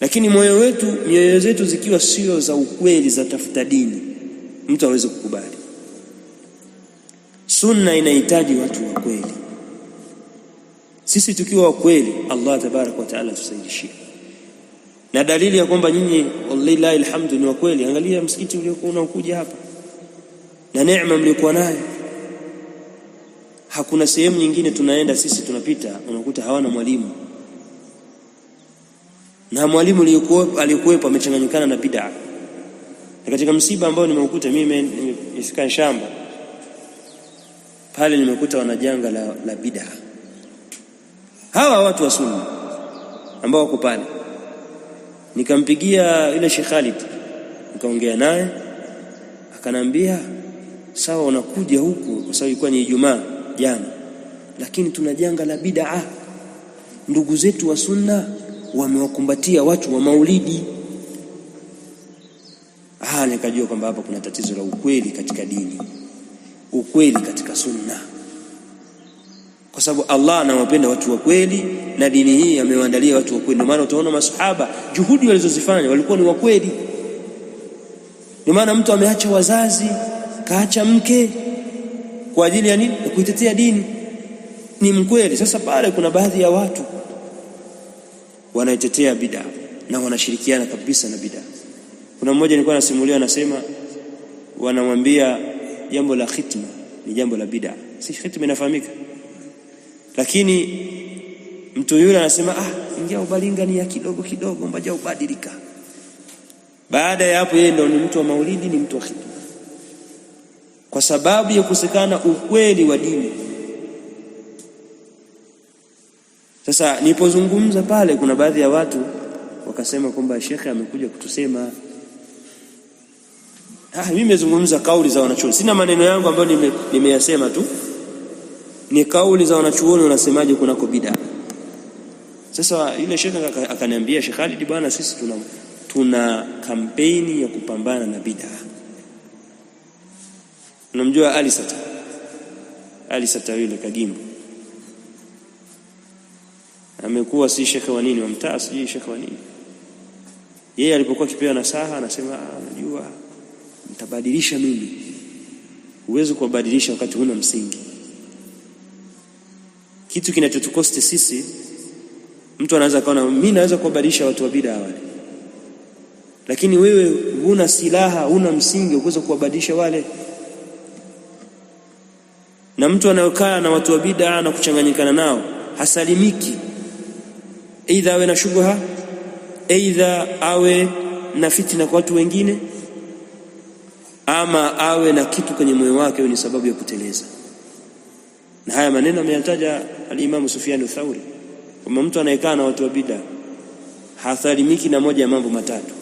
Lakini moyo wetu, mioyo zetu zikiwa sio za ukweli, za tafuta dini, mtu hawezi kukubali. Sunna inahitaji watu wa kweli. Sisi tukiwa wa kweli, Allah tabaraka wa taala tusaidishie. Na dalili ya kwamba nyinyi wallahi alhamdu ni wa kweli, angalia msikiti uliokuwa unaokuja hapa na neema mliokuwa nayo. Hakuna sehemu nyingine tunaenda sisi, tunapita unakuta hawana mwalimu na mwalimu aliyekuwepo amechanganyikana na bid'a. Na katika msiba ambao nimeukuta mimi, nimefika shamba pale, nimekuta wana janga la, la bid'a. Hawa watu wa sunna ambao wako pale, nikampigia yule Sheikh Khalid nikaongea naye, akanambia sawa, unakuja huku kwa sababu ilikuwa ni Ijumaa jana, lakini tuna janga la bid'a, ndugu zetu wa sunna wamewakumbatia watu wa maulidi. Ah, nikajua kwamba hapa kuna tatizo la ukweli katika dini, ukweli katika sunna, kwa sababu Allah anawapenda watu wa kweli na dini hii amewaandalia watu wa kweli. Ndio maana utaona masahaba juhudi walizozifanya walikuwa ni wa kweli. Ndio maana mtu ameacha wazazi, kaacha mke kwa ajili ya nini? Kuitetea dini, ni mkweli. Sasa pale kuna baadhi ya watu wanaitetea bid'a na wanashirikiana kabisa na bid'a. Kuna mmoja nilikuwa nasimulia, anasema wanamwambia jambo la khitma ni jambo la bid'a. Si khitma inafahamika, lakini mtu yule anasema ah, ingia ubalinga ni ya kidogo kidogo, mbaja ubadilika. Baada ya hapo, yeye ndio ni mtu wa maulidi, ni mtu wa khitma, kwa sababu ya kusekana ukweli wa dini. Sasa nilipozungumza pale, kuna baadhi ya watu wakasema kwamba shekhe amekuja kutusema. Ah, mimi nimezungumza kauli za wanachuoni, sina maneno yangu ambayo nimeyasema nime tu, ni kauli za wanachuoni wanasemaje kunako bid'a. Sasa yule shekhe akaniambia, Sheikh Khalid, bwana, sisi tuna tuna kampeni ya kupambana na bid'a. Unamjua Ali Sata, Ali Sata yule Kagimbo amekuwa si shekhe wa nini wa mtaa, sijui shekhe wa nini. Yeye alipokuwa kipewa nasaha anasema, anajua ah, nitabadilisha mimi. Huwezi kuwabadilisha wakati huna msingi. Kitu kinachotukosti sisi, mtu anaweza kaona mimi naweza kuwabadilisha watu wa bid'a wale, lakini wewe huna silaha, huna msingi ukuweza kuwabadilisha wale na mtu anayokaa na watu wa bid'a na kuchanganyikana nao hasalimiki aidha awe na shubha, aidha awe na fitina kwa watu wengine, ama awe na kitu kwenye moyo wake ni sababu ya kuteleza. Na haya maneno ameyataja alimamu Sufyan Thauri kwamba mtu anayekaa na watu wa bid'a hasalimiki na moja ya mambo matatu.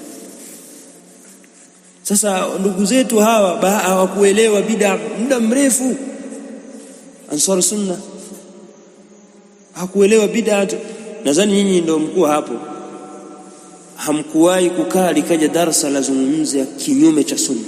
Sasa ndugu zetu hawa hawakuelewa bid'a muda mrefu, Ansar Sunna hakuelewa bid'a Nadhani nyinyi ndio mkuu hapo, hamkuwahi kukaa likaja darasa lazungumzia kinyume cha sunna,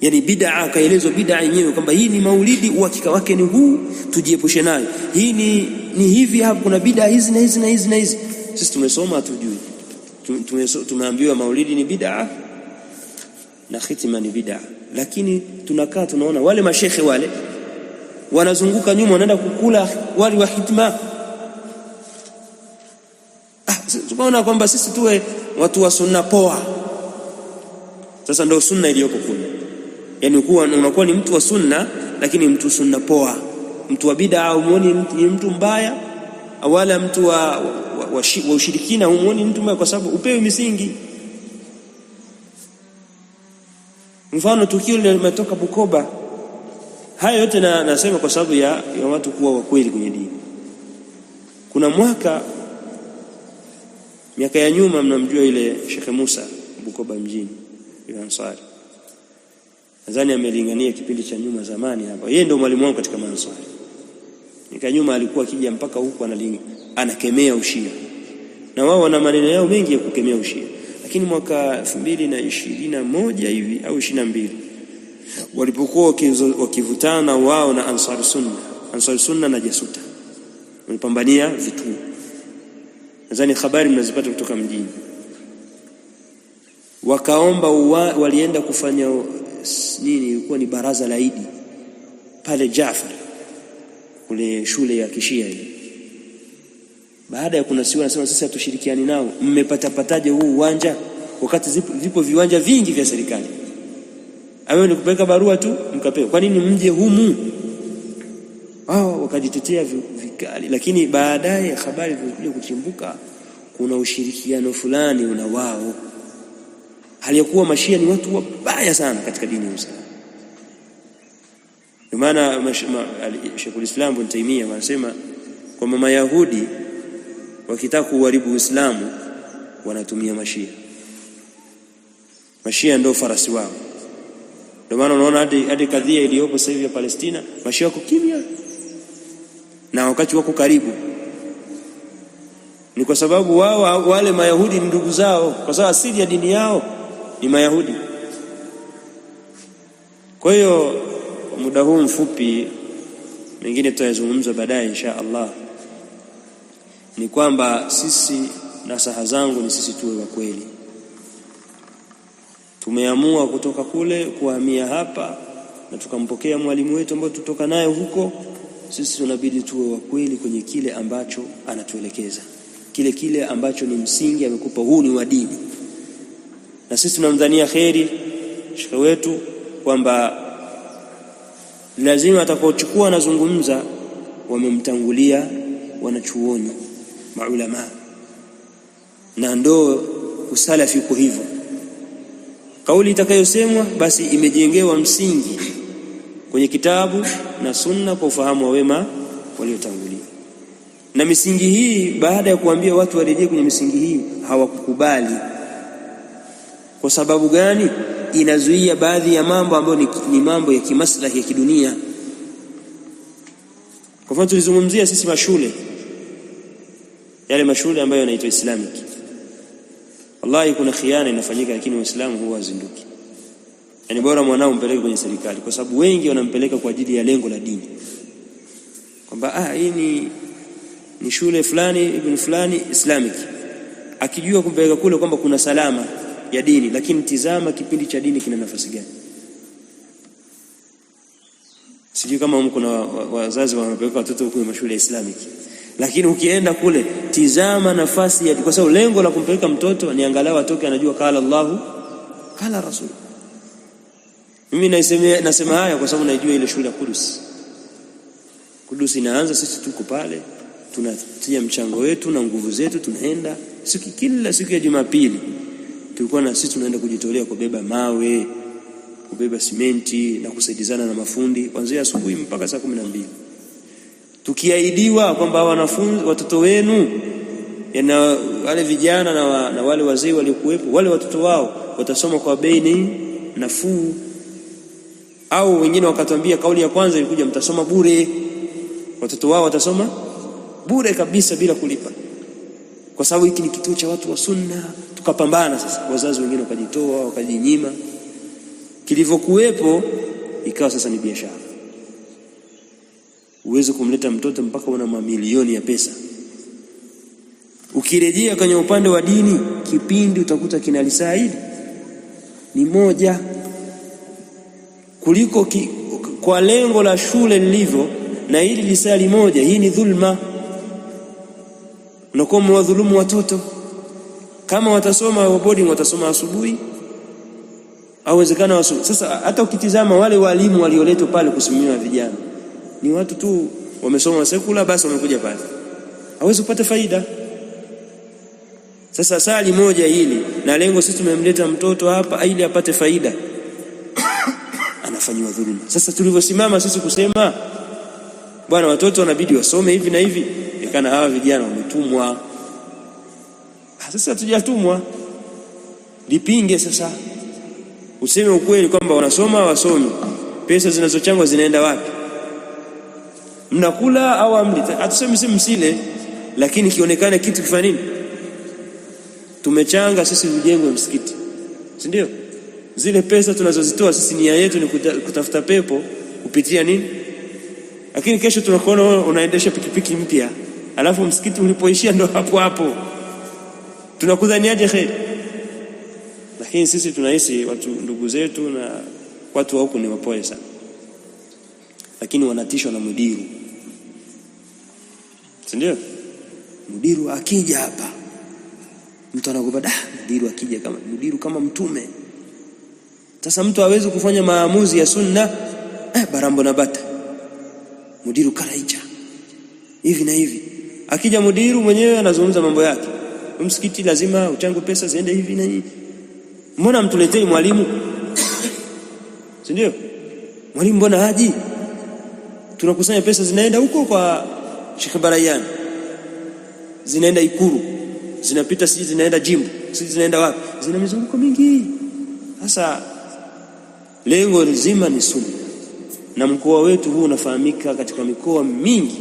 yani bid'a, akaelezwa bid'a yenyewe kwamba hii ni maulidi, uhakika wake ni huu, tujiepushe nayo, hii ni, ni hivi hapo, kuna bid'a hizi na hizi na hizi na hizi. Sisi tumesoma tujui tumeambiwa maulidi ni bid'a na khitima ni bid'a, lakini tunakaa tunaona wale mashekhe wale wanazunguka nyuma, wanaenda kukula wali wa hitima tumeona kwamba sisi tuwe watu wa sunna poa. Sasa ndio sunna iliyoko kule, yaani kuwa unakuwa ni mtu wa sunna, lakini mtu sunna poa. Mtu wa bid'a humuoni ni mtu mbaya, wala mtu wa, wa, wa, wa ushirikina humuoni mtu mbaya, kwa sababu upewi misingi. Mfano tukio lile limetoka Bukoba. Haya yote na, nasema kwa sababu ya, ya watu kuwa wakweli kwenye dini. Kuna mwaka Miaka ya nyuma, mnamjua ile Shekhe Musa Bukoba mjini, ile Ansari, nadhani amelingania kipindi cha nyuma zamani hapa. Yeye ndio mwalimu wangu katika Ansari Miaka nyuma alikuwa akija mpaka huku anakemea ushia, na wao wana maneno yao mengi ya kukemea ushia, lakini mwaka 2021 na na moja hivi au 22 mbili walipokuwa wakivutana wao na Ansar Sunna, Ansar Sunna na Jasuta walipambania vituo nadhani habari mnazipata kutoka mjini, wakaomba uwa, walienda kufanya nini, ilikuwa ni baraza la Idi pale Jafar kule shule ya kishia ile. Baada ya kunasiwa, anasema sasa hatushirikiani nao, mmepatapataje huu uwanja wakati zipo, zipo viwanja vingi vya serikali? ambao ni kupeleka barua tu mkapewa, kwa nini mje humu? Wao wakajitetea serikali, lakini baadaye habari zilizokuja kuchimbuka kuna ushirikiano fulani una wao, hali mashia ni watu wabaya sana katika dini ya Uislamu. maana Sheikh Islam Ibn Taymiyyah wanasema kwamba Mayahudi wakitaka kuharibu Uislamu wanatumia mashia. Mashia ndio farasi wao. Ndio maana unaona hadi kadhia iliyopo sasa hivi ya Palestina, mashia wako kimya na wakati wako karibu. Ni kwa sababu wao wale Mayahudi ni ndugu zao, kwa sababu asili ya dini yao ni Mayahudi. Kwa hiyo muda huu mfupi, mengine tutayazungumza baadaye insha Allah, ni kwamba sisi, nasaha zangu ni sisi tuwe wa kweli. Tumeamua kutoka kule kuhamia hapa, na tukampokea mwalimu wetu ambaye tutoka naye huko sisi tunabidi tuwe wa kweli kwenye kile ambacho anatuelekeza, kile kile ambacho ni msingi amekupa huu ni wa dini. Na sisi tunamdhania kheri shekhe wetu kwamba lazima atakaochukua anazungumza, wamemtangulia wanachuoni maulama, na ndo usalafi uko hivyo. Kauli itakayosemwa basi imejengewa msingi kwenye kitabu na sunna kwa ufahamu wa wema waliotangulia. Na misingi hii, baada ya kuambia watu warejee kwenye misingi hii, hawakukubali. Kwa sababu gani? Inazuia baadhi ya mambo ambayo ni, ni mambo ya kimaslahi ya kidunia. Kwa mfano, tulizungumzia sisi mashule yale mashule ambayo yanaitwa Islamic. Wallahi, kuna khiana inafanyika, lakini Waislamu huwa wazinduki Yani bora mwanao mpeleke kwenye serikali, kwa sababu wengi wanampeleka kwa ajili ya lengo la dini, kwamba ah, hii ni, ni shule fulani ibn fulani Islamic, akijua kumpeleka kule kwamba kuna salama ya dini. Lakini tizama kipindi cha dini kina nafasi gani? Sijui kama na wazazi wanapeleka watoto kwenye mashule ya Islamic, lakini ukienda kule tizama nafasi ya, kwa sababu lengo la kumpeleka mtoto ni angalau atoke anajua kala Allahu kala rasul mimi nasema, nasema haya kwa sababu naijua ile shule ya Kudus. Kudus inaanza, sisi tuko pale, tunatia mchango wetu na nguvu zetu, tunaenda siku kila siku ya Jumapili tulikuwa na sisi tunaenda kujitolea kubeba mawe, kubeba simenti na kusaidizana na mafundi kuanzia asubuhi mpaka saa kumi na mbili tukiahidiwa kwamba wanafunzi watoto wenu na wale vijana na, wa, na wale wazee waliokuwepo wale watoto wao watasoma kwa bei nafuu. Au wengine wakatuambia kauli ya kwanza ilikuja, mtasoma bure, watoto wao watasoma bure kabisa bila kulipa, kwa sababu hiki ni kituo cha watu wa Sunna. Tukapambana sasa, wazazi wengine wakajitoa, wakajinyima. Kilivyokuwepo ikawa sasa ni biashara. Uwezi kumleta mtoto mpaka una mamilioni ya pesa. Ukirejea kwenye upande wa dini, kipindi utakuta kinalisaidi ni moja kuliko ki, kwa lengo la shule lilivyo na hili lisali moja. Hii ni dhulma, unakuwa mwadhulumu watoto. Kama watasoma boarding, watasoma asubuhi auwezekana asubuhi. Sasa hata ukitizama wale walimu walioletwa pale kusimamia vijana ni watu tu wamesoma sekula, basi wamekuja pale, hawezi kupata faida. Sasa sali moja hili na lengo, sisi tumemleta mtoto hapa ili apate faida kufanyiwa dhuluma. Sasa tulivyosimama sisi kusema bwana, watoto wanabidi wasome hivi na hivi, ikana hawa vijana wametumwa. Ah, sasa hatujatumwa, lipinge sasa, useme ukweli kwamba wanasoma wasomi, pesa zinazochangwa zinaenda wapi? Mnakula au amli? Hatusemi si msile, lakini kionekane kitu kifanya nini? Tumechanga sisi ujengwe msikiti, si ndio? Zile pesa tunazozitoa sisi, nia yetu ni kutafuta pepo kupitia nini? Lakini kesho tunakuona unaendesha pikipiki mpya, alafu msikiti ulipoishia ndo hapo hapo, tunakudhaniaje kheri? Lakini sisi tunahisi watu ndugu zetu na watu wa huku ni wapoe sana, lakini wanatishwa na mudiru, si ndio? Mudiru akija hapa mtu anagopa, da, mudiru akija kama mudiru kama mtume sasa mtu hawezi kufanya maamuzi ya sunna eh, barambo na bata mudiru karaija hivi na hivi. Akija mudiru mwenyewe anazungumza mambo yake, msikiti lazima uchangu pesa ziende hivi na hivi. Mbona mtuletei mwalimu? si ndio? Mwalimu mbona haji? Tunakusanya pesa zinaenda huko kwa Sheikh Barayan, zinaenda Ikuru, zinapita sisi, zinaenda jimbo sisi, zinaenda wapi? Zina mizunguko mingi sasa Lengo lazima ni sunna, na mkoa wetu huu unafahamika katika mikoa mingi.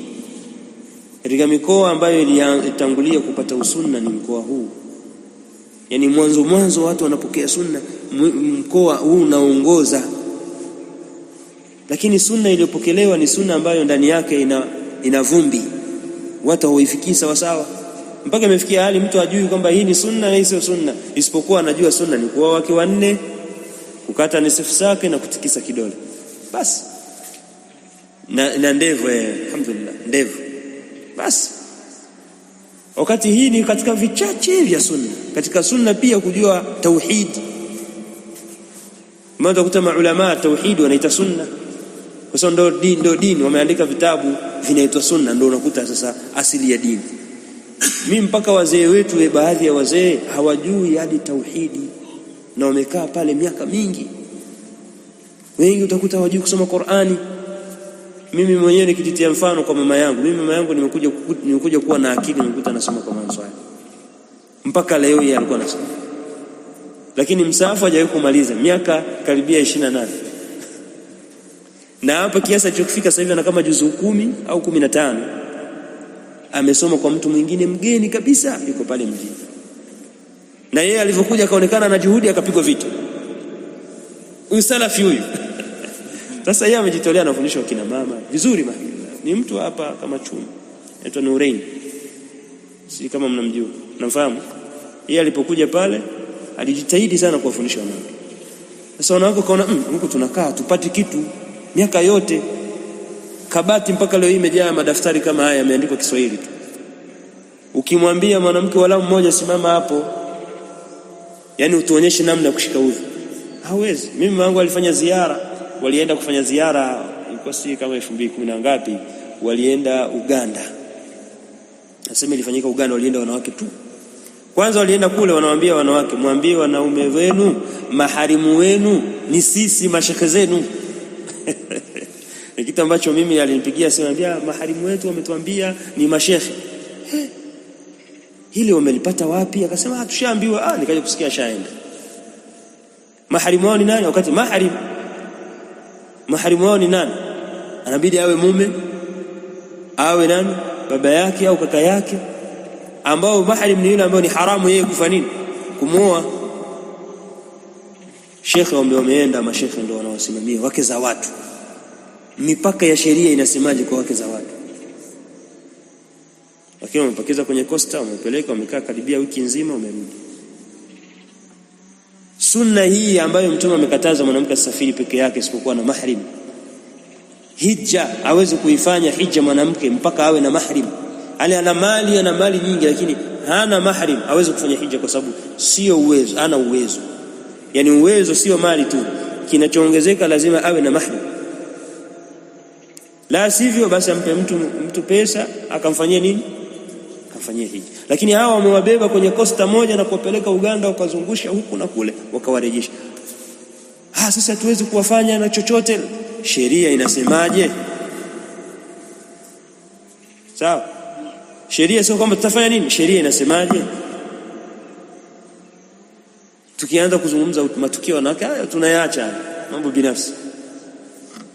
Katika mikoa ambayo ilitangulia kupata usunna ni mkoa huu, yaani mwanzo mwanzo watu wanapokea sunna, mkoa huu unaongoza. Lakini sunna iliyopokelewa ni sunna ambayo ndani yake ina, ina vumbi, watu hawaifikii sawasawa mpaka imefikia hali mtu ajui kwamba hii ni sunna hii sio sunna, isipokuwa anajua sunna ni kuoa wake wanne kukata nisifu zake na kutikisa kidole basi, na, na ndevu eh, alhamdulillah ndevu basi. Wakati hii ni katika vichache vya sunna. Katika sunna pia kujua tauhid, mmoja utakuta maulama tauhid wanaita sunna kwa sababu ndio dini, ndio dini wameandika vitabu vinaitwa sunna, ndio unakuta sasa asili ya dini. Mimi mpaka wazee wetu, eh, baadhi ya wazee hawajui hadi tauhidi na wamekaa pale miaka mingi. Wengi utakuta wajui kusoma Qur'ani. Mimi mwenyewe nikijitia mfano kwa mama yangu, mimi mama yangu nimekuja nimekuja kuwa na akili, nimekuta nasoma kwa Answari mpaka leo, yeye alikuwa anasoma, lakini msafu hajawahi kumaliza miaka karibia 28 na nane na hapa kiasi alichokifika sasa hivi ana kama juzuu kumi au kumi na tano amesoma kwa mtu mwingine mgeni kabisa, yuko pale mjini na yeye alivyokuja akaonekana na juhudi akapigwa vita. Huyu salafi huyu sasa yeye amejitolea, anafundisha kina mama vizuri, mahila ni mtu hapa kama chuma, anaitwa Nurain, si kama mnamjua, mnamfahamu. Yeye alipokuja pale alijitahidi sana kuwafundisha wanawake. Sasa wanawake kaona mm, huko tunakaa tupati kitu, miaka yote kabati mpaka leo hii imejaa madaftari kama haya yameandikwa Kiswahili tu. Ukimwambia mwanamke wala mmoja, simama hapo yani utuonyeshe namna kushika udhu. Hawezi. Mimi mama alifanya ziara, walienda kufanya ziara ilikuwa si kama elfu mbili kumi na ngapi, walienda Uganda. Nasema ilifanyika Uganda, walienda wanawake tu. Kwanza walienda kule, wanawambia wanawake, mwambie wanaume wenu, maharimu wenu ni sisi mashekhe zenu. Ni kitu ambacho mimi alinipigia simu, ah, maharimu wetu wametuambia ni mashekhe hili wamelipata wapi? Akasema ah, tushaambiwa. Ah, nikaja kusikia shaenda. Maharimu wao ni nani? Wakati mahrim maharimu wao ni nani? Anabidi awe mume awe nani, baba yake au kaka yake, ambao mahrim ni yule ambayo ni haramu yeye kufa nini, kumuoa. Shekhe wambe wameenda, mashekhe ndio wanaosimamia wake za watu. Mipaka ya sheria inasemaje kwa wake za watu? lakini wamepakiza kwenye kosta, wamepeleka, wamekaa karibia wiki nzima, wamerudi. Sunna hii ambayo Mtume amekataza mwanamke asafiri peke yake isipokuwa na mahrim. Hija hawezi kuifanya hija mwanamke mpaka awe na mahrim. Ali ana mali, ana mali nyingi, lakini hana mahrim, hawezi kufanya hija kwa sababu sio uwezo, ana uwezo. Yani uwezo sio mali tu, kinachoongezeka lazima awe na mahrim, la sivyo basi ampe mtu, mtu pesa akamfanyia nini kufanyia hiji lakini hawa wamewabeba kwenye kosta moja na kuwapeleka Uganda, wakazungusha huku na kule, wakawarejesha. Ah, sasa hatuwezi kuwafanya na chochote, sheria inasemaje? Sawa, sheria sio kwamba tutafanya nini, sheria inasemaje? Tukianza kuzungumza matukio na haya, tunayaacha mambo binafsi,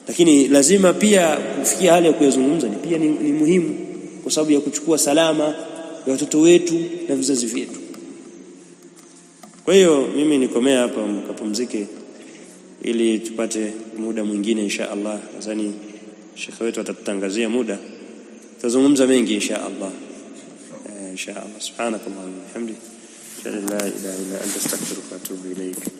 lakini lazima pia kufikia hali ya kuyazungumza ni pia ni, ni muhimu kwa sababu ya kuchukua salama ya watoto wetu na vizazi vyetu. Kwa hiyo mimi nikomea hapa, mkapumzike ili tupate muda mwingine insha Allah. Nadhani shekhe wetu atatutangazia muda, tutazungumza mengi insha Allah. Eh, insha Allah, subhanakallahumma wa bihamdika, la ilaha illa anta, astaghfiruka wa atubu ilayk.